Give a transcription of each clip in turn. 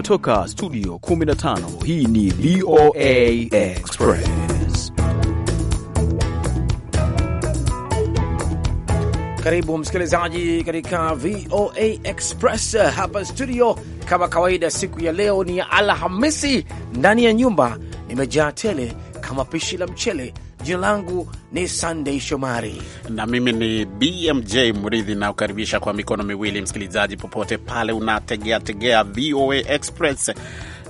kutoka studio 15 hii ni VOA Express. Karibu msikilizaji katika VOA Express hapa studio. Kama kawaida, siku ya leo ni ya Alhamisi. Ndani ya nyumba nimejaa tele kama pishi la mchele Jina langu ni Sunday Shomari na mimi ni BMJ Mridhi, nakukaribisha kwa mikono miwili msikilizaji, popote pale unategeategea VOA Express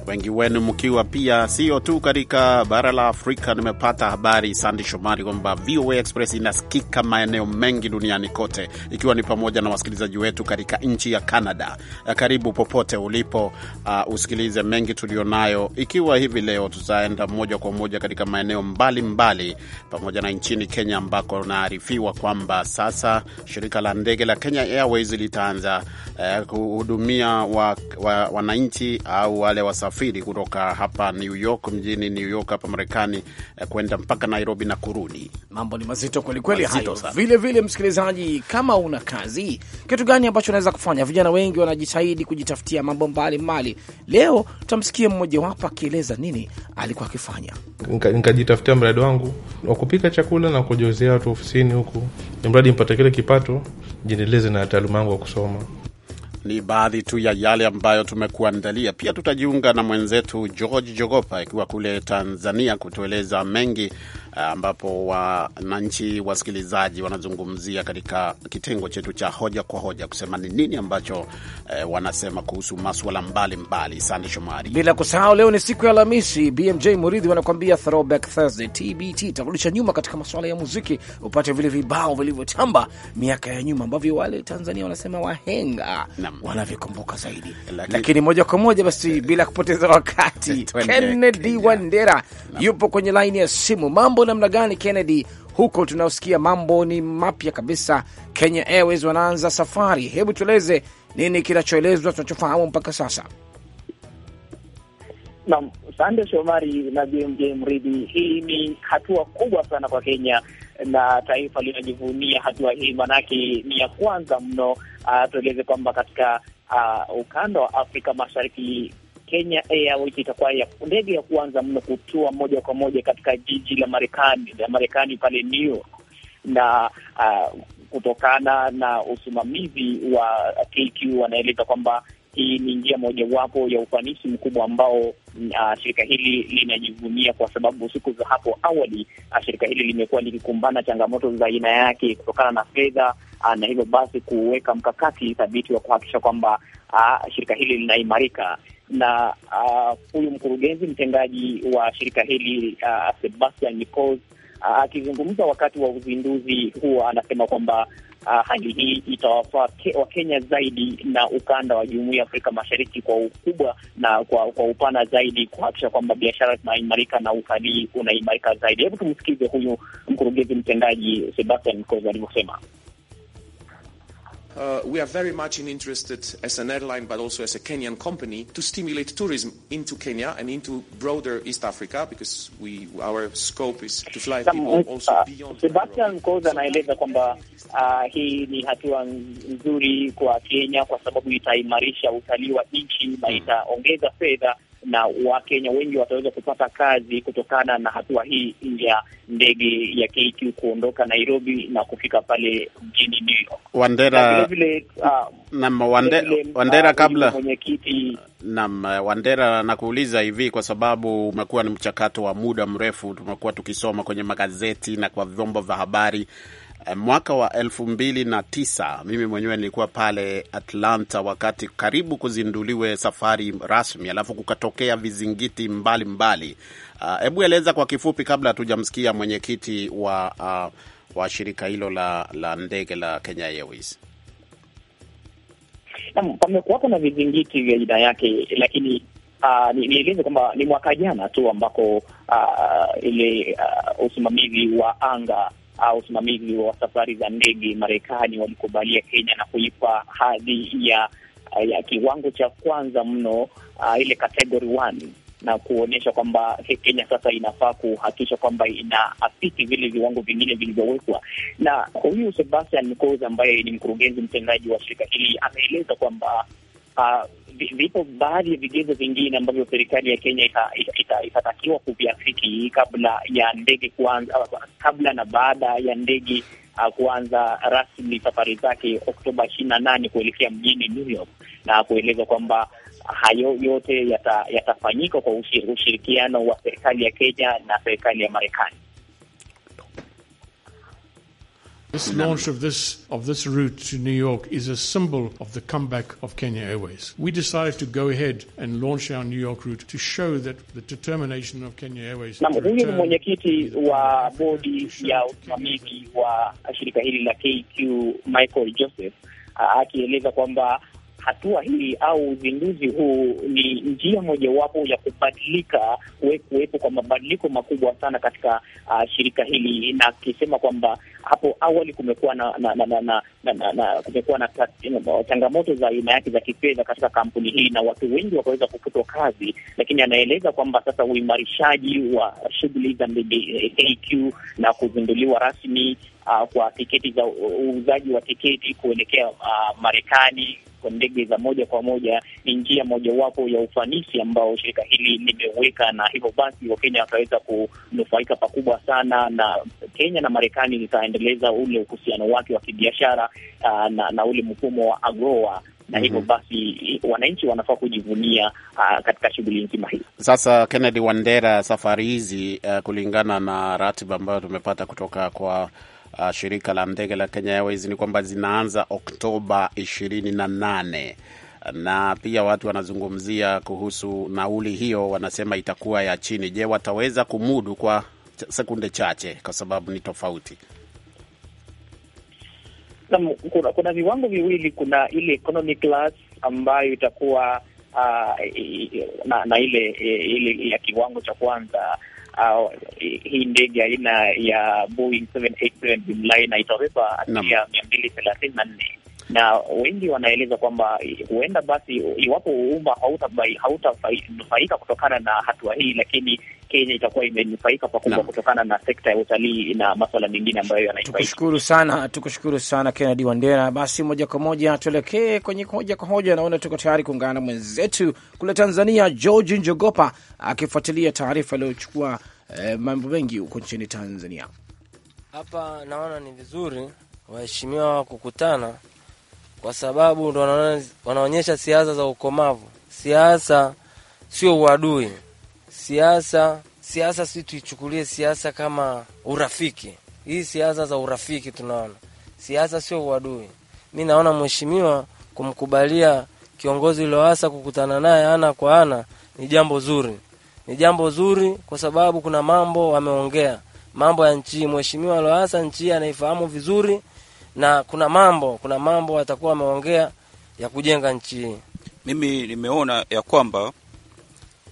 wengi wenu mkiwa pia sio tu katika bara la Afrika. Nimepata habari Sandi Shomari kwamba VOA Express inasikika maeneo mengi duniani kote, ikiwa ni pamoja na wasikilizaji wetu katika nchi ya Canada. Eh, karibu popote ulipo, uh, usikilize mengi tulionayo, ikiwa hivi leo tutaenda moja kwa moja katika maeneo mbalimbali mbali, pamoja na nchini Kenya ambako naarifiwa kwamba sasa shirika la ndege la Kenya Airways litaanza uh, kuhudumia wananchi wa, wananchi au wale wasa kusafiri kutoka hapa New York, mjini New York hapa Marekani, eh, kwenda mpaka Nairobi na kurudi. Mambo ni mazito kwelikweli hayo. Vile vile, msikilizaji, kama una kazi, kitu gani ambacho unaweza kufanya? Vijana wengi wanajitahidi kujitafutia mambo mbalimbali. Leo tutamsikia wapo akieleza nini alikuwa akifanya. Nikajitafutia nika mradi wangu wa kupika chakula na kujozea watu ofisini huku, ni mradi mpate kile kipato, jiendeleze na taaluma yangu ya kusoma ni baadhi tu ya yale ambayo tumekuandalia. Pia tutajiunga na mwenzetu George Jogopa akiwa kule Tanzania kutueleza mengi Eh, ambapo wananchi wasikilizaji wanazungumzia katika kitengo chetu cha hoja kwa hoja kusema ni nini ambacho eh, wanasema kuhusu maswala mbalimbali. Sande Shomari, bila kusahau leo ni siku ya Alhamisi. BMJ Muridhi wanakuambia throwback Thursday, TBT takurudisha nyuma katika maswala ya muziki, upate vile vibao vilivyotamba miaka ya nyuma ambavyo wale Tanzania wanasema wahenga wanavyokumbuka zaidi. Laki... lakini moja kwa moja basi bila kupoteza wakati Kennedy Wandera yupo kwenye laini ya simu. Mambo mambo namna gani, Kennedy? Huko tunaosikia mambo ni mapya kabisa. Kenya Airways wanaanza safari. Hebu tueleze nini kinachoelezwa, tunachofahamu mpaka sasa. Naam, sande Shomari na BMJ Mridhi, hii ni hatua kubwa sana kwa Kenya na taifa linajivunia hatua hii, maanake ni ya kwanza mno. Uh, tueleze kwamba katika uh, ukanda wa Afrika Mashariki Kenya Airways itakuwa ndege ya kwanza mno kutua moja kwa moja katika jiji la Marekani la Marekani pale New York na uh, kutokana na usimamizi wa KQ wanaeleza kwamba hii ni njia mojawapo ya ufanisi mkubwa ambao uh, shirika hili linajivunia, kwa sababu siku za hapo awali uh, shirika hili limekuwa likikumbana changamoto za aina yake kutokana na fedha Ah, na hivyo basi kuweka mkakati thabiti wa kuhakikisha kwamba ah, shirika hili linaimarika na ah, huyu mkurugenzi mtendaji wa shirika hili uh, Sebastian Nichols akizungumza wakati wa uzinduzi huo anasema kwamba hali hii itawafaa Wakenya zaidi na ukanda wa Jumuiya ya Afrika Mashariki kwa ukubwa na kwa, kwa upana zaidi kuhakikisha kwamba biashara zinaimarika na utalii unaimarika zaidi. Hebu tumsikize huyu mkurugenzi mtendaji Sebastian Nichols alivyosema. Uh, we are very much interested as an airline, but also as a Kenyan company, to stimulate tourism into Kenya and into broader East Africa because we, our scope is to fly people also uh, beyond. Sebastian anaeleza kwamba uh, hii ni hatua nzuri kwa Kenya kwa sababu itaimarisha utalii wa nchi na itaongeza fedha na Wakenya wengi wataweza kupata kazi kutokana na hatua hii ya ndege ya KQ kuondoka Nairobi na kufika pale mjini New York. Wandera, vile uh, uh, Wandera, kabla mwenyekiti Naam, Wandera, nakuuliza hivi kwa sababu umekuwa ni mchakato wa muda mrefu, tumekuwa tukisoma kwenye magazeti na kwa vyombo vya habari Eh, mwaka wa elfu mbili na tisa mimi mwenyewe nilikuwa pale Atlanta wakati karibu kuzinduliwe safari rasmi, alafu kukatokea vizingiti mbalimbali. Eh, hebu mbali. Uh, eleza kwa kifupi kabla hatujamsikia mwenyekiti wa, uh, wa shirika hilo la, la ndege la Kenya Airways. Pamekuwapo na vizingiti vya aina yake, lakini Uh, nieleze kwamba ni mwaka jana tu ambako uh, ile uh, usimamizi wa anga uh, usimamizi wa safari za ndege Marekani walikubalia Kenya na kuipa hadhi ya, ya kiwango cha kwanza mno uh, ile category one na kuonyesha kwamba Kenya sasa inafaa kuhakikisha kwamba inaafiki vile viwango vingine vilivyowekwa. Na huyu Sebastian Mcoz ambaye ni mkurugenzi mtendaji wa shirika hili ameeleza kwamba uh, vipo baadhi ya vigezo vingine ambavyo serikali ya Kenya itatakiwa kuviafiki kabla ya ndege kuanza, kabla na baada ya ndege uh, kuanza rasmi safari zake Oktoba ishirini na nane kuelekea mjini New York na kueleza kwamba hayo yote yatafanyika yata kwa ushirikiano wa serikali ya Kenya na serikali ya Marekani. This launch of this of this route to New York is a symbol of the comeback of Kenya Airways. We decided to go ahead and launch our New York route to show that the determination of Kenya Airways. Naam, huyu ni mwenyekiti wa bodi ya usimamizi wa shirika hili la KQ Michael Joseph akieleza kwamba hatua hii au uzinduzi huu ni njia mojawapo ya kubadilika, kuwepo kwa mabadiliko makubwa sana katika uh, shirika hili, na akisema kwamba hapo awali kumekuwa na na na, na, na, na, na kumekuwa na changamoto za aina yake za kifedha katika kampuni hii na watu wengi wakaweza kufutwa kazi, lakini anaeleza kwamba sasa uimarishaji wa shughuli za AQ na kuzinduliwa rasmi uh, kwa tiketi za uuzaji wa tiketi kuelekea uh, Marekani kwa ndege za moja kwa moja ni njia mojawapo ya ufanisi ambao shirika hili limeweka, na hivyo basi Wakenya wakaweza kunufaika pakubwa sana, na Kenya na Marekani zita kuendeleza ule uhusiano wake wa kibiashara uh, na, na ule mfumo wa AGOA na mm -hmm. Hivyo mhm. basi wananchi wanafaa kujivunia uh, katika shughuli nzima hii. Sasa Kennedy Wandera, safari hizi uh, kulingana na ratiba ambayo tumepata kutoka kwa uh, shirika la ndege la Kenya Airways ni kwamba zinaanza Oktoba ishirini na nane na pia watu wanazungumzia kuhusu nauli hiyo, wanasema itakuwa ya chini. Je, wataweza kumudu kwa sekunde chache, kwa sababu ni tofauti na kuna, kuna viwango viwili. Kuna ile economy class ambayo itakuwa uh, na, na ile, ile ya kiwango cha kwanza Uh, hii ndege aina ya Boeing 787 Dreamliner itabeba abiria mia mbili thelathini na nne na wengi wanaeleza kwamba huenda basi, iwapo umma hautanufaika kutokana na hatua hii, lakini Kenya itakuwa imenufaika pakubwa kutokana na sekta ya utalii na maswala mengine ambayo yanaifaika. Tukushukuru sana, tukushukuru sana Kennedy Wandera. Basi moja kwa moja tuelekee kwenye hoja kwa hoja. Naona tuko tayari kuungana na mwenzetu kule Tanzania, George Njogopa akifuatilia taarifa iliyochukua eh, mambo mengi huko nchini Tanzania. Hapa naona ni vizuri waheshimiwa kukutana kwa sababu ndo wanaonyesha siasa za ukomavu. Siasa sio uadui, siasa siasa si tuichukulie siasa kama urafiki. Hii siasa za urafiki tunaona, siasa sio uadui. Mi naona mheshimiwa kumkubalia kiongozi Lowassa kukutana naye ana kwa ana ni jambo zuri, ni jambo zuri kwa sababu kuna mambo wameongea, mambo ya nchi. Mheshimiwa Lowassa nchi anaifahamu vizuri, na kuna mambo kuna mambo watakuwa wameongea ya kujenga nchi hii. Mimi nimeona ya kwamba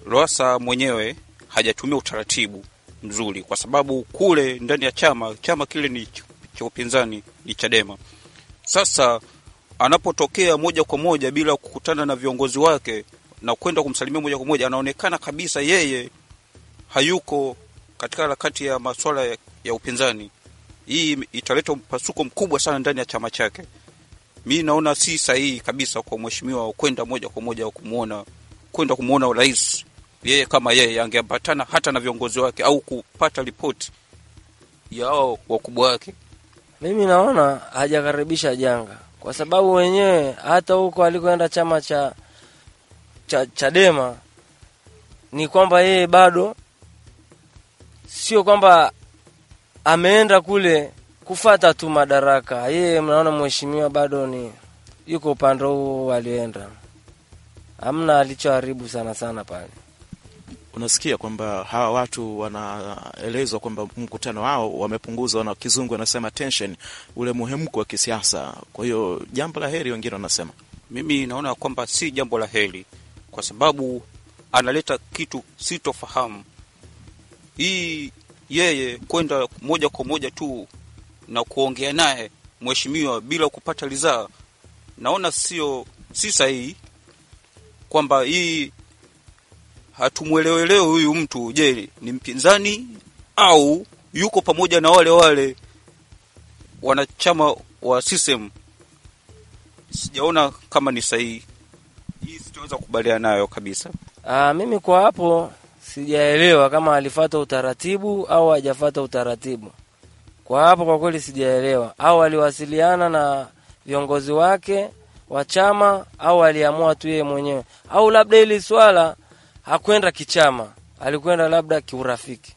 Lowassa mwenyewe hajatumia utaratibu mzuri, kwa sababu kule ndani ya chama chama kile ni cha upinzani ni Chadema. Sasa anapotokea moja kwa moja bila kukutana na viongozi wake na kwenda kumsalimia moja kwa moja, anaonekana kabisa yeye hayuko katika harakati ya masuala ya, ya upinzani hii italeta mpasuko mkubwa sana ndani ya chama chake. Mi naona si sahihi kabisa kwa mheshimiwa kwenda moja kwa moja kumwona kwenda kumwona rais. Yeye kama yeye angeambatana hata na viongozi wake au kupata ripoti yao wakubwa wake. Mimi naona hajakaribisha janga, kwa sababu wenyewe hata huko alikoenda chama cha cha Chadema ni kwamba yeye bado sio kwamba ameenda kule kufata tu madaraka. Yeye mnaona mheshimiwa bado ni yuko upande huo walienda amna alichoharibu sana sana pale. Unasikia kwamba hawa watu wanaelezwa kwamba mkutano wao wamepunguza, na kizungu wanasema tension, ule muhemko wa kisiasa. Kwa hiyo jambo la heri, wengine wanasema. Mimi naona kwamba si jambo la heri, kwa sababu analeta kitu sitofahamu. Hii yeye kwenda moja kwa moja tu na kuongea naye mheshimiwa bila kupata ridhaa, naona sio si sahihi, kwamba hii hatumwelewelewe huyu mtu. Je, ni mpinzani au yuko pamoja na wale wale wanachama wa system? Sijaona kama ni sahihi hii, sitaweza kukubaliana nayo kabisa. Aa, ah, mimi kwa hapo sijaelewa kama alifata utaratibu au hajafata utaratibu. Kwa hapo kwa kweli sijaelewa, au aliwasiliana na viongozi wake wa chama au aliamua tu yeye mwenyewe, au labda ili swala hakwenda kichama, alikwenda labda kiurafiki.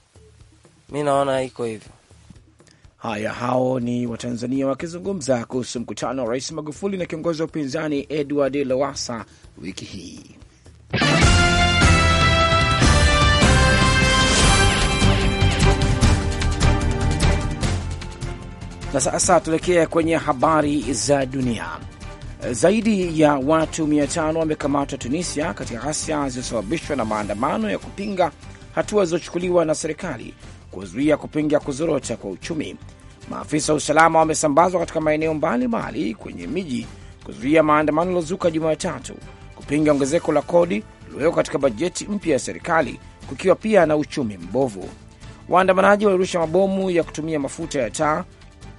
Mi naona iko hivyo. Haya, hao ni Watanzania wakizungumza kuhusu mkutano wa Rais Magufuli na kiongozi wa upinzani Edward Lowassa wiki hii. Na sasa tuelekea kwenye habari za dunia. Zaidi ya watu 500 wamekamatwa Tunisia katika ghasia zilizosababishwa na maandamano ya kupinga hatua zilizochukuliwa na serikali kuzuia kupinga kuzorota kwa uchumi. Maafisa wa usalama wamesambazwa katika maeneo mbalimbali kwenye miji kuzuia maandamano yaliyozuka Jumatatu kupinga ongezeko la kodi lililowekwa katika bajeti mpya ya serikali, kukiwa pia na uchumi mbovu. Waandamanaji walirusha mabomu ya kutumia mafuta ya taa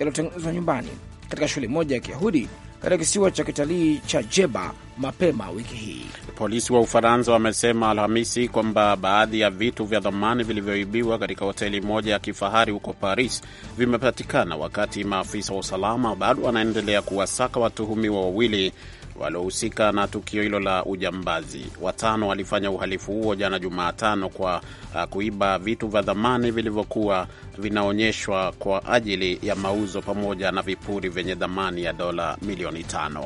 yaliyotengenezwa nyumbani katika shule moja ya Kiyahudi katika kisiwa cha kitalii cha Jeba mapema wiki hii. Polisi wa Ufaransa wamesema Alhamisi kwamba baadhi ya vitu vya dhamani vilivyoibiwa katika hoteli moja ya kifahari huko Paris vimepatikana, wakati maafisa wa usalama bado wanaendelea kuwasaka watuhumiwa wawili waliohusika na tukio hilo la ujambazi. Watano walifanya uhalifu huo jana Jumatano kwa uh, kuiba vitu vya dhamani vilivyokuwa vinaonyeshwa kwa ajili ya mauzo pamoja na vipuri vyenye dhamani ya dola milioni tano.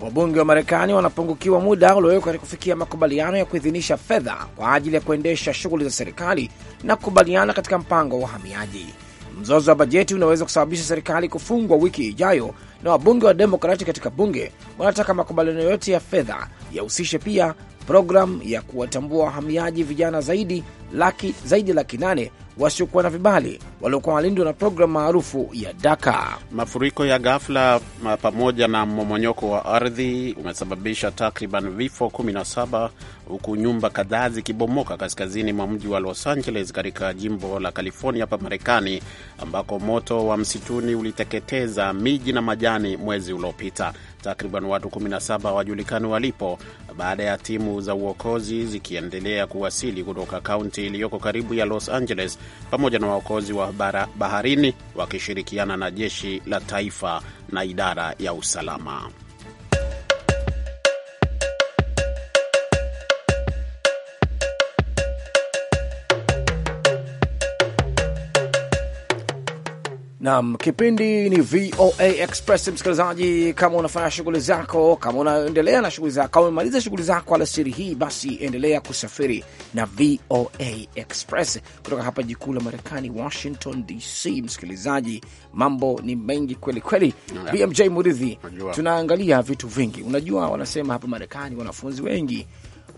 Wabunge wa Marekani wanapungukiwa muda uliowekwa katika kufikia makubaliano ya kuidhinisha fedha kwa ajili ya kuendesha shughuli za serikali na kukubaliana katika mpango wa uhamiaji. Mzozo wa bajeti unaweza kusababisha serikali kufungwa wiki ijayo na wabunge wa Demokrati katika bunge wanataka makubaliano yote ya fedha yahusishe pia programu ya kuwatambua wahamiaji vijana zaidi laki zaidi laki nane wasiokuwa na vibali waliokuwa walindwa na programu maarufu ya Daka. Mafuriko ya ghafla pamoja na mmomonyoko wa ardhi umesababisha takriban vifo 17 huku nyumba kadhaa zikibomoka kaskazini mwa mji wa Los Angeles katika jimbo la California hapa Marekani, ambako moto wa msituni uliteketeza miji na majani mwezi uliopita. Takriban watu 17 hawajulikani walipo baada ya timu za uokozi zikiendelea kuwasili kutoka kaunti County iliyoko karibu ya Los Angeles pamoja na waokozi wa baharini wakishirikiana na jeshi la taifa na idara ya usalama. Naam, kipindi ni VOA Express. Msikilizaji, kama unafanya shughuli zako, kama unaendelea na shughuli zako, kama umemaliza shughuli zako alasiri hii, basi endelea kusafiri na VOA Express kutoka hapa jikuu la Marekani, Washington DC. Msikilizaji, mambo ni mengi kweli kweli. BMJ Muridhi, tunaangalia vitu vingi. Unajua, wanasema hapa Marekani wanafunzi wengi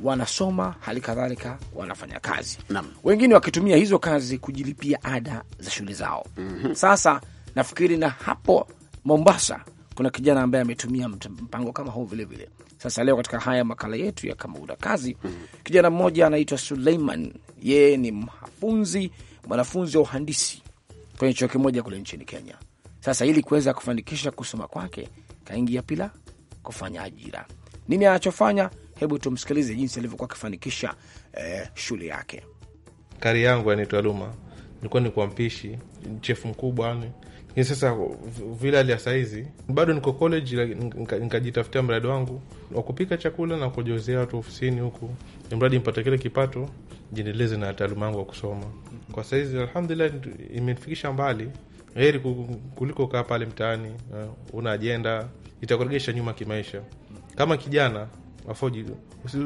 wanasoma, hali kadhalika wanafanya kazi Nam. wengine wakitumia hizo kazi kujilipia ada za shule zao mm -hmm. Sasa nafikiri na hapo Mombasa kuna kijana ambaye ametumia mpango kama huu vilevile. Sasa leo katika haya makala yetu ya kama una kazi mm -hmm. kijana mmoja anaitwa Suleiman, yeye ni mhafunzi mwanafunzi wa uhandisi kwenye chuo kimoja kule nchini Kenya. Sasa ili kuweza kufanikisha kusoma kwake, kaingia pila kufanya ajira. Nini anachofanya? Hebu tumsikilize jinsi alivyokuwa akifanikisha eh, shule yake. Kari yangu yanaitwa Luma, nilikuwa kwa mpishi chefu mkubwa ni lakini sasa vile hali ya bado niko college, nikajitafutia mradi wangu wa kupika chakula na kujozea watu ofisini huku, ni mradi mpate kile kipato, jiendeleze na taaluma yangu wa kusoma. Kwa sahizi alhamdulillah, imenifikisha mbali, heri kuliko kaa pale mtaani eh, una ajenda, itakuregesha nyuma kimaisha. Kama kijana afoji,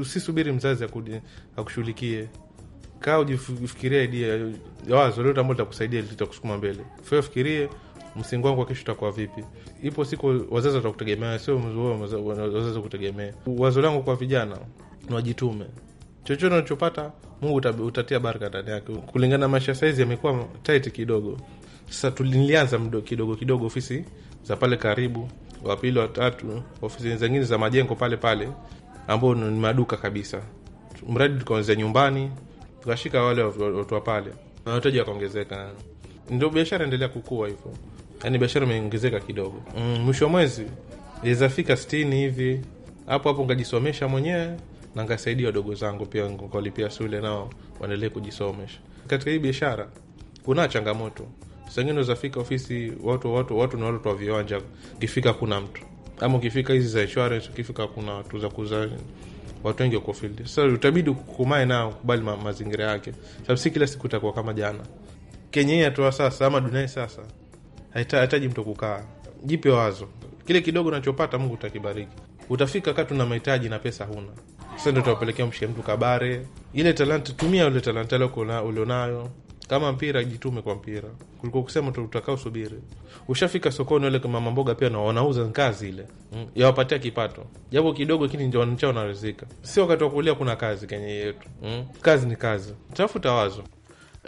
usisubiri mzazi akushughulikie. Kaa ujifikiria idea ya wazo lolote ambalo litakusaidia, litakusukuma mbele. Faa fikirie msingi wangu wa kesho utakuwa vipi? Ipo siku wazazi watakutegemea, sio wazazi kutegemea. Wazo langu kwa vijana ni wajitume, chochote unachopata Mungu utatia baraka ndani yake. Kulingana na maisha saizi yamekuwa tight kidogo. Sasa tulianza kidogo kidogo, ofisi za pale karibu, wapili watatu, ofisi zingine za majengo pale pale ambao ni maduka kabisa, mradi tukaanzia nyumbani tukashika wale watu pale na wateja wakaongezeka, ndio biashara endelea kukua hivyo. Yani biashara imeongezeka kidogo, mm, mwisho mm, wa mwezi iliweza fika sitini hivi. Hapo hapo nkajisomesha mwenyewe na nkasaidia wadogo zangu pia, nikawalipia shule nao waendelee kujisomesha. Katika hii biashara kuna changamoto, sengine, uzafika ofisi watu watu watu ni watu wa viwanja, kifika kuna mtu ama ukifika hizi za insurance, ukifika kuna watu za kuza watu wengi wako field. Sasa utabidi kukumae nao kubali ma mazingira yake, sababu si kila siku utakuwa kama jana. Kenya hii atoa sasa ama duniani sasa hahitaji mtu kukaa. Jipe wazo, kile kidogo unachopata Mungu utakibariki. Utafika kati una mahitaji na pesa huna, sasa ndo utawapelekea mshe mtu kabare. Ile talanta, tumia ile talanta ulionayo kama mpira jitume kwa mpira kuliko kusema tutakao usubiri. Ushafika sokoni, wale mama mboga pia na wanauza kazi ile mm, yawapatia kipato japo kidogo, lakini ndio wanachao wanarizika. Si wakati wa kulia kuna kazi kenye yetu mm, kazi ni kazi, tafuta wazo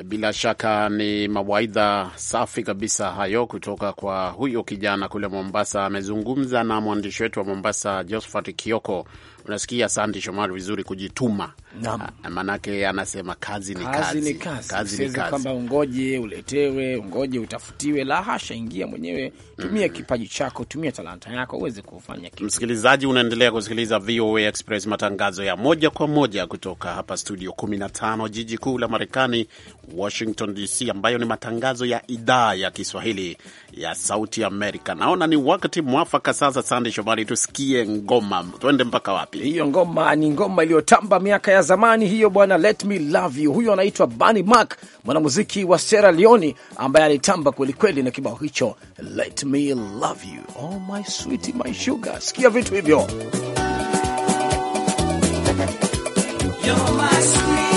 bila shaka ni mawaidha safi kabisa hayo kutoka kwa huyo kijana kule Mombasa. Amezungumza na mwandishi wetu wa Mombasa, Josphat Kioko. Unasikia Sandi Shomari vizuri kujituma, maanake ah, anasema kazi ni kazi, kazi kazi, kazi, kwamba ungoje uletewe, ungoje utafutiwe, la hasha. Ingia mwenyewe, tumia mm, kipaji chako, tumia talanta yako uweze kufanya kitu. Msikilizaji, unaendelea kusikiliza VOA Express, matangazo ya moja kwa moja kutoka hapa studio 15 jiji kuu la Marekani, Washington DC, ambayo ni matangazo ya idhaa ya Kiswahili ya Sauti Amerika. Naona ni wakati mwafaka sasa, Sande Shomari, tusikie ngoma. Tuende mpaka wapi? Hiyo ngoma ni ngoma iliyotamba miaka ya zamani hiyo, bwana, Let Me Love You. Huyo anaitwa bani mark mwanamuziki wa Sierra Leone ambaye alitamba kwelikweli na kibao hicho Let Me Love You. Oh my sweetie, my sugar. Sikia vitu hivyo You're my sweet.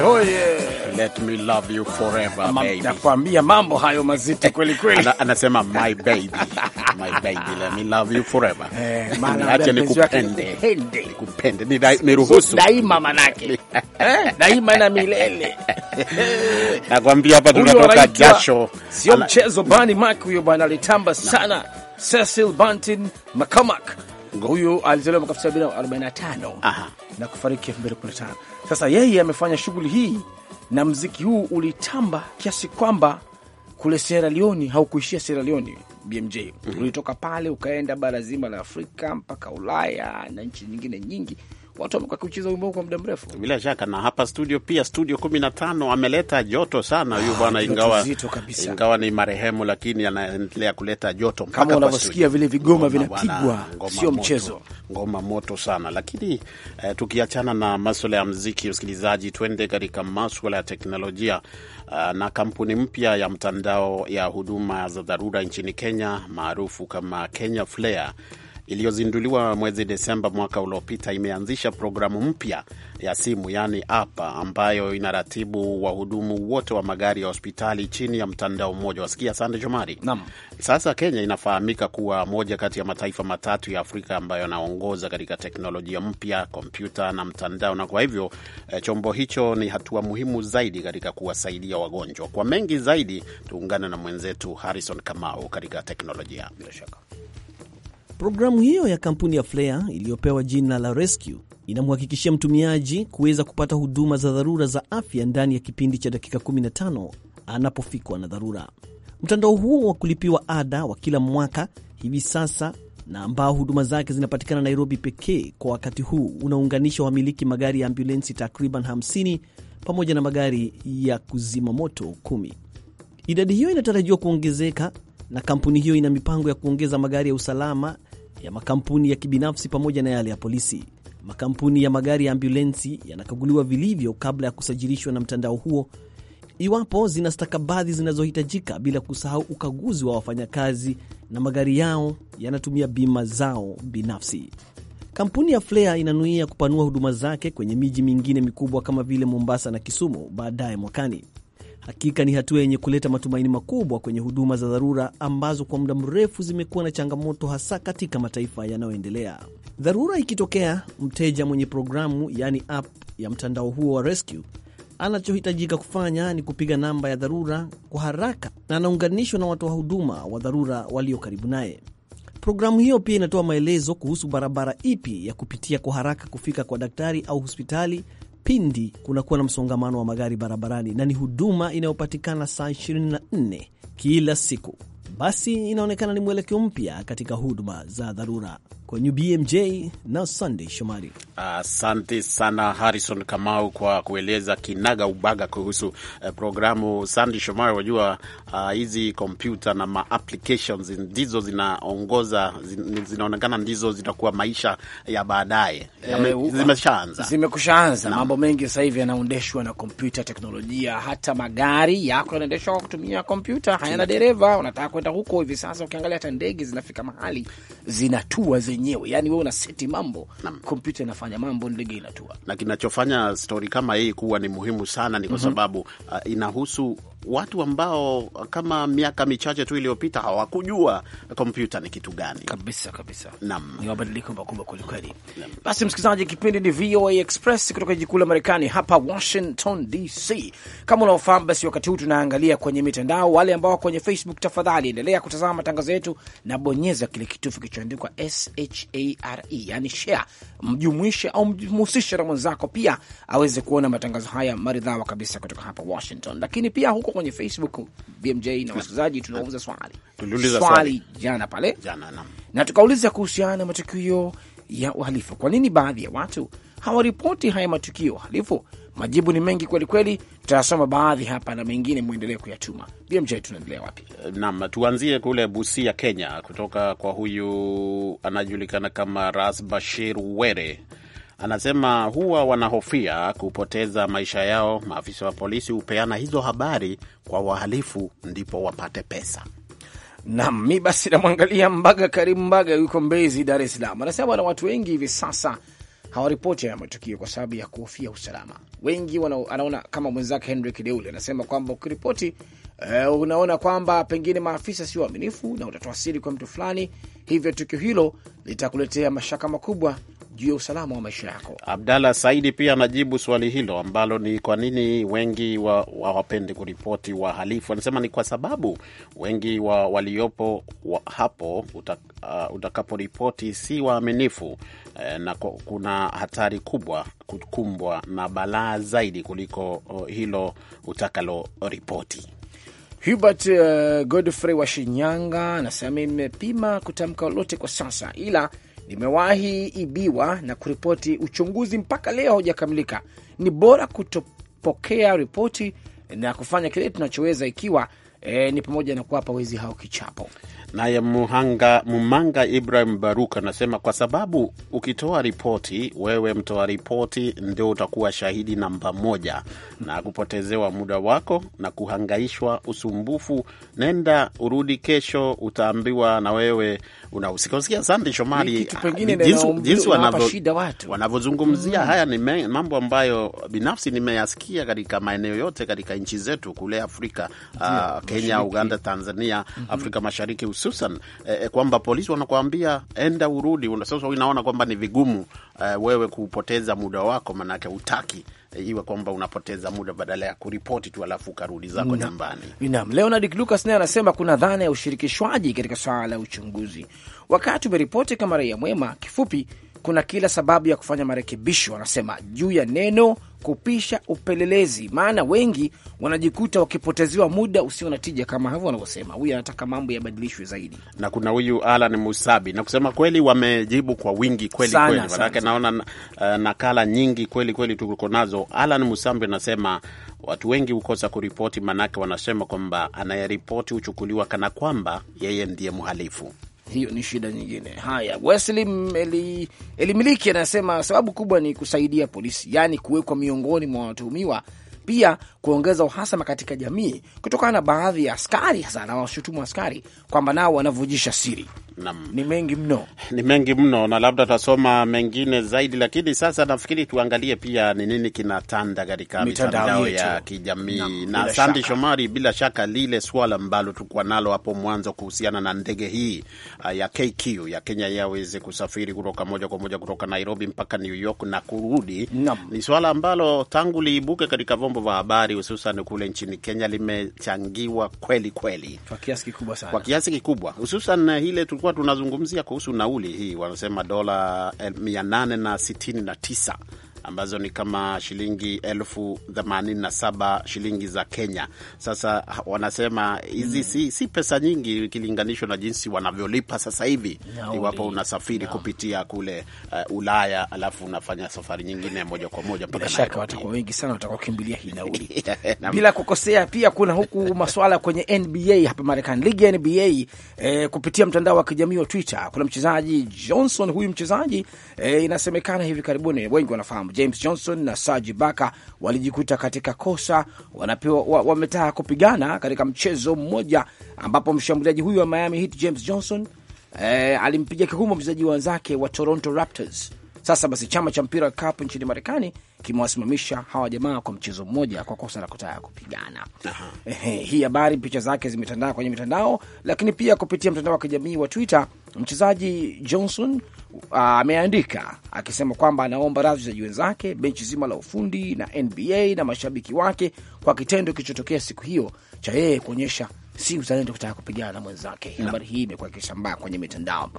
Hoye, Let me love you forever baby. Nakwambia mambo hayo mazito kweli kweli. Ana, anasema my baby. My baby, let me love you forever. Eh, maana acha nikupende. Nikupende. Niruhusu. Daima manake. Eh, daima na milele. Nakwambia hapa tunatoka jasho. Sio mchezo bani Mark huyo bwana alitamba sana. Cecil Bantin McCormack huyu alizaliwa mwaka 1945 na kufariki 2015. Sasa yeye amefanya shughuli hii na mziki huu ulitamba kiasi kwamba kule Sierra Leone haukuishia Sierra Leone BMJ. Mm -hmm. Ulitoka pale ukaenda bara zima la Afrika mpaka Ulaya na nchi nyingine nyingi watu wamekuwa kucheza wimbo kwa muda mrefu. Bila shaka na hapa studio pia, studio 15 ameleta joto sana huyu ah, bwana, ingawa ingawa ni marehemu, lakini anaendelea kuleta joto mpaka kama unavyosikia vile vigoma vinapigwa, sio mchezo, ngoma moto sana. Lakini eh, tukiachana na maswala ya muziki, msikilizaji, twende katika maswala ya teknolojia uh, na kampuni mpya ya mtandao ya huduma za dharura nchini Kenya maarufu kama Kenya Flare iliyozinduliwa mwezi Desemba mwaka uliopita imeanzisha programu mpya ya simu yaani app ambayo inaratibu wahudumu wote wa magari ya hospitali chini ya mtandao mmoja. Wasikia Sande Shomari? Naam. Sasa Kenya inafahamika kuwa moja kati ya mataifa matatu ya Afrika ambayo yanaongoza katika teknolojia mpya, kompyuta na mtandao, na kwa hivyo eh, chombo hicho ni hatua muhimu zaidi katika kuwasaidia wagonjwa. Kwa mengi zaidi, tuungane na mwenzetu Harrison Kamau katika teknolojia. Bila shaka Programu hiyo ya kampuni ya Flare iliyopewa jina la Rescue inamhakikishia mtumiaji kuweza kupata huduma za dharura za afya ndani ya kipindi cha dakika 15 anapofikwa na dharura. Mtandao huo wa kulipiwa ada wa kila mwaka hivi sasa na ambao huduma zake zinapatikana Nairobi pekee kwa wakati huu unaunganisha wamiliki magari ya ambulensi takriban 50 pamoja na magari ya kuzima moto kumi. Idadi hiyo inatarajiwa kuongezeka na kampuni hiyo ina mipango ya kuongeza magari ya usalama ya makampuni ya kibinafsi pamoja na yale ya polisi. Makampuni ya magari ya ambulensi yanakaguliwa vilivyo kabla ya kusajilishwa na mtandao huo, iwapo zina stakabadhi zinazohitajika, bila kusahau ukaguzi wa wafanyakazi na magari yao yanatumia bima zao binafsi. Kampuni ya flea inanuia kupanua huduma zake kwenye miji mingine mikubwa kama vile Mombasa na Kisumu baadaye mwakani. Hakika ni hatua yenye kuleta matumaini makubwa kwenye huduma za dharura ambazo kwa muda mrefu zimekuwa na changamoto, hasa katika mataifa yanayoendelea. Dharura ikitokea, mteja mwenye programu, yaani app ya mtandao huo wa Rescue, anachohitajika kufanya ni kupiga namba ya dharura kwa haraka, na anaunganishwa na watoa huduma wa dharura walio karibu naye. Programu hiyo pia inatoa maelezo kuhusu barabara ipi ya kupitia kwa haraka kufika kwa daktari au hospitali pindi kunakuwa na msongamano wa magari barabarani, na ni huduma inayopatikana saa 24 kila siku. Basi inaonekana ni mwelekeo mpya katika huduma za dharura kwenye BMJ na Sunday Shomari. Asante uh, sana Harrison Kamau kwa kueleza kinaga ubaga kuhusu uh, programu Sunday Shomari. Wajua ah, hizi uh, kompyuta na maapplications ndizo zinaongoza zin, zinaonekana ndizo zitakuwa maisha ya baadaye e, zimeshaanza zimekushaanza mambo mengi sasa hivi yanaondeshwa na kompyuta teknolojia. Hata magari yako yanaendeshwa kwa kutumia kompyuta, hayana dereva. Unataka kwenda huko hivi sasa, ukiangalia hata ndege zinafika mahali zinatua zi lenyewe, yani wewe unaseti mambo, kompyuta inafanya mambo, ndege inatua. Na kinachofanya stori kama hii kuwa ni muhimu sana ni kwa mm -hmm. sababu uh, inahusu watu ambao kama miaka michache tu iliyopita hawakujua kompyuta ni kitu gani kabisa kabisa. Naam, ni mabadiliko makubwa kwelikweli. Basi msikilizaji, kipindi ni VOA Express kutoka jiji kuu la Marekani hapa Washington DC. Kama unaofahamu, basi wakati huu tunaangalia kwenye mitandao. Wale ambao kwenye Facebook, tafadhali endelea kutazama matangazo yetu na bonyeza kile kitufe kilichoandikwa share, yani share, mjumuishe au mhusishe na mwenzako pia aweze kuona matangazo haya maridhawa kabisa kutoka hapa Washington, lakini pia huko kwenye Facebook BMJ na wasikilizaji, tunauliza swali tuliuliza swali jana pale jana, na, na tukauliza kuhusiana na matukio ya uhalifu. Kwa nini baadhi ya watu hawaripoti haya matukio uhalifu? Majibu ni mengi kweli kweli, tutayasoma baadhi hapa na mengine mwendelee kuyatuma. BMJ, tunaendelea wapi? Naam, tuanzie kule Busia, Kenya, kutoka kwa huyu anajulikana kama Ras Bashir Were anasema huwa wanahofia kupoteza maisha yao. Maafisa wa polisi hupeana hizo habari kwa wahalifu, ndipo wapate pesa. Nam mi basi namwangalia Mbaga Karimu Mbaga yuko Mbezi, Dar es Salaam, anasema na watu wengi hivi sasa hawaripoti haya matukio kwa sababu ya kuhofia usalama. Wengi wana, anaona kama mwenzake Henrik Deule anasema kwamba ukiripoti uh, unaona kwamba pengine maafisa sio waaminifu na utatoa siri kwa mtu fulani, hivyo tukio hilo litakuletea mashaka makubwa juu ya usalama wa maisha yako. Abdalla Saidi pia anajibu swali hilo ambalo ni kwa nini wengi hawapendi wa, wa kuripoti wahalifu. Anasema ni kwa sababu wengi wa waliopo wa hapo utak, uh, utakaporipoti si waaminifu eh, na kuna hatari kubwa kukumbwa na balaa zaidi kuliko uh, hilo utakaloripoti. Hubert uh, Godfrey wa Shinyanga anasema, imepima kutamka lolote kwa sasa, ila limewahi ibiwa na kuripoti uchunguzi mpaka leo haujakamilika. Ni bora kutopokea ripoti na kufanya kile tunachoweza ikiwa E, ni pamoja na kuwapa wezi hao kichapo. Naye Mumanga Ibrahim Baruk anasema kwa sababu ukitoa ripoti wewe, mtoa ripoti ndio utakuwa shahidi namba moja, na kupotezewa muda wako na kuhangaishwa usumbufu, nenda urudi kesho, utaambiwa na wewe unahusika. Usikia Sandi Shomari jinsi wanavyozungumzia mm. haya. Ni mambo ambayo binafsi nimeyasikia katika maeneo yote katika nchi zetu kule Afrika, uh, Kenya, Uganda, Tanzania, mm -hmm. Afrika Mashariki hususan eh, eh, kwamba polisi wanakuambia enda urudi. Sasa inaona kwamba ni vigumu eh, wewe kupoteza muda wako, manake utaki eh, iwe kwamba unapoteza muda badala ya kuripoti tu alafu ukarudi zako nyumbani. Naam, Leonard Lucas naye anasema kuna dhana ya ushirikishwaji katika swala la uchunguzi, wakati umeripoti kama raia mwema. Kifupi, kuna kila sababu ya kufanya marekebisho, wanasema juu ya neno kupisha upelelezi, maana wengi wanajikuta wakipoteziwa muda usio na tija, kama hivyo wanavyosema. Huyu anataka mambo yabadilishwe zaidi, na kuna huyu Alan Musabi, na kusema kweli wamejibu kwa wingi kweli kweli manake naona uh, nakala nyingi kweli kweli tuko nazo. Alan Musabi anasema watu wengi hukosa kuripoti, maanake wanasema kwamba anayeripoti huchukuliwa kana kwamba yeye ndiye mhalifu hiyo ni shida nyingine. Haya, Wesley Elimiliki anasema sababu kubwa ni kusaidia polisi, yaani kuwekwa miongoni mwa watuhumiwa, pia kuongeza uhasama katika jamii kutokana na baadhi ya askari hasa anawashutumu askari kwamba nao wanavujisha siri ni mengi mno, ni mengi mno, na labda tutasoma mengine zaidi, lakini sasa nafikiri tuangalie pia ni nini kinatanda katika mitandao ya kijamii. Na Sandi Shomari, bila shaka lile swala ambalo tulikuwa nalo hapo mwanzo kuhusiana na ndege hii ah, ya KQ ya Kenya Airways kusafiri kutoka moja kwa moja kutoka Nairobi mpaka New York na kurudi, ni swala ambalo tangu liibuke katika vyombo vya habari hususan kule nchini Kenya limechangiwa kweli kweli kwa kiasi kikubwa sana, kwa kiasi kikubwa hususan eh, ile tulikuwa tulikuwa tunazungumzia kuhusu nauli hii, wanasema dola eh, mia nane na sitini na tisa ambazo ni kama shilingi elfu themanini na saba shilingi za Kenya. Sasa wanasema hizi mm. si, si pesa nyingi ikilinganishwa na jinsi wanavyolipa sasa hivi iwapo unasafiri yeah. kupitia kule uh, Ulaya alafu unafanya safari nyingine moja kwa moja mpaka. Bila shaka watakuwa wengi sana watakukimbilia hii nauli bila kukosea. Pia kuna huku maswala kwenye NBA hapa Marekani, ligi ya NBA eh, kupitia mtandao wa kijamii wa Twitter kuna mchezaji Johnson, huyu mchezaji eh, inasemekana hivi karibuni wengi wanafahamu James Johnson na Serge Baka walijikuta katika kosa, wanapewa wametaka kupigana katika mchezo mmoja, ambapo mshambuliaji huyu wa Miami Heat James Johnson eh, alimpiga kikumo mchezaji wenzake wa Toronto Raptors sasa basi chama cha mpira wa kikapu nchini Marekani kimewasimamisha hawa jamaa kwa mchezo mmoja kwa kosa la kutaka kupigana. Hii habari picha zake zimetandaa kwenye mitandao, lakini pia kupitia mtandao wa kijamii wa Twitter mchezaji Johnson uh, ameandika uh, akisema kwamba anaomba radhi wachezaji wenzake, benchi zima la ufundi na NBA na mashabiki wake kwa kitendo kilichotokea siku hiyo cha yeye kuonyesha si uzalendo kutaka kupigana na mwenzake. Habari hii imekuwa ikisambaa kwenye mitandao.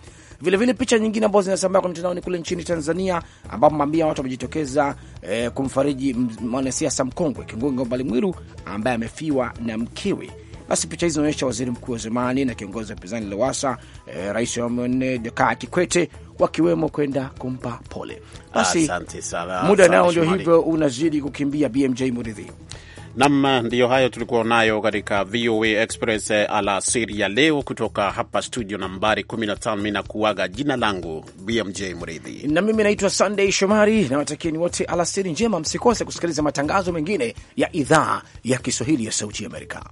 Vilevile picha nyingine ambazo zinasambaa kwenye mitandao ni kule nchini Tanzania, ambapo mamia watu wamejitokeza eh, kumfariji mwanasiasa mkongwe Kingunge Mwiru ambaye amefiwa na mkewe. Basi picha hizi zinaonyesha waziri mkuu wa zamani na kiongozi wa upinzani Lowassa, eh, rais wa awamu nne Jakaya Kikwete wakiwemo kwenda kumpa pole. Basi muda nao ndio hivyo unazidi kukimbia. BMJ Muridhi. Nam, ndiyo hayo tulikuwa nayo katika VOA Express eh, alasiri ya leo, kutoka hapa studio nambari 15. Mi na jina langu BMJ Mridhi na mimi naitwa Sunday Shomari, na watakieni wote alasiri njema. Msikose kusikiliza matangazo mengine ya idhaa ya Kiswahili ya Sauti ya Amerika.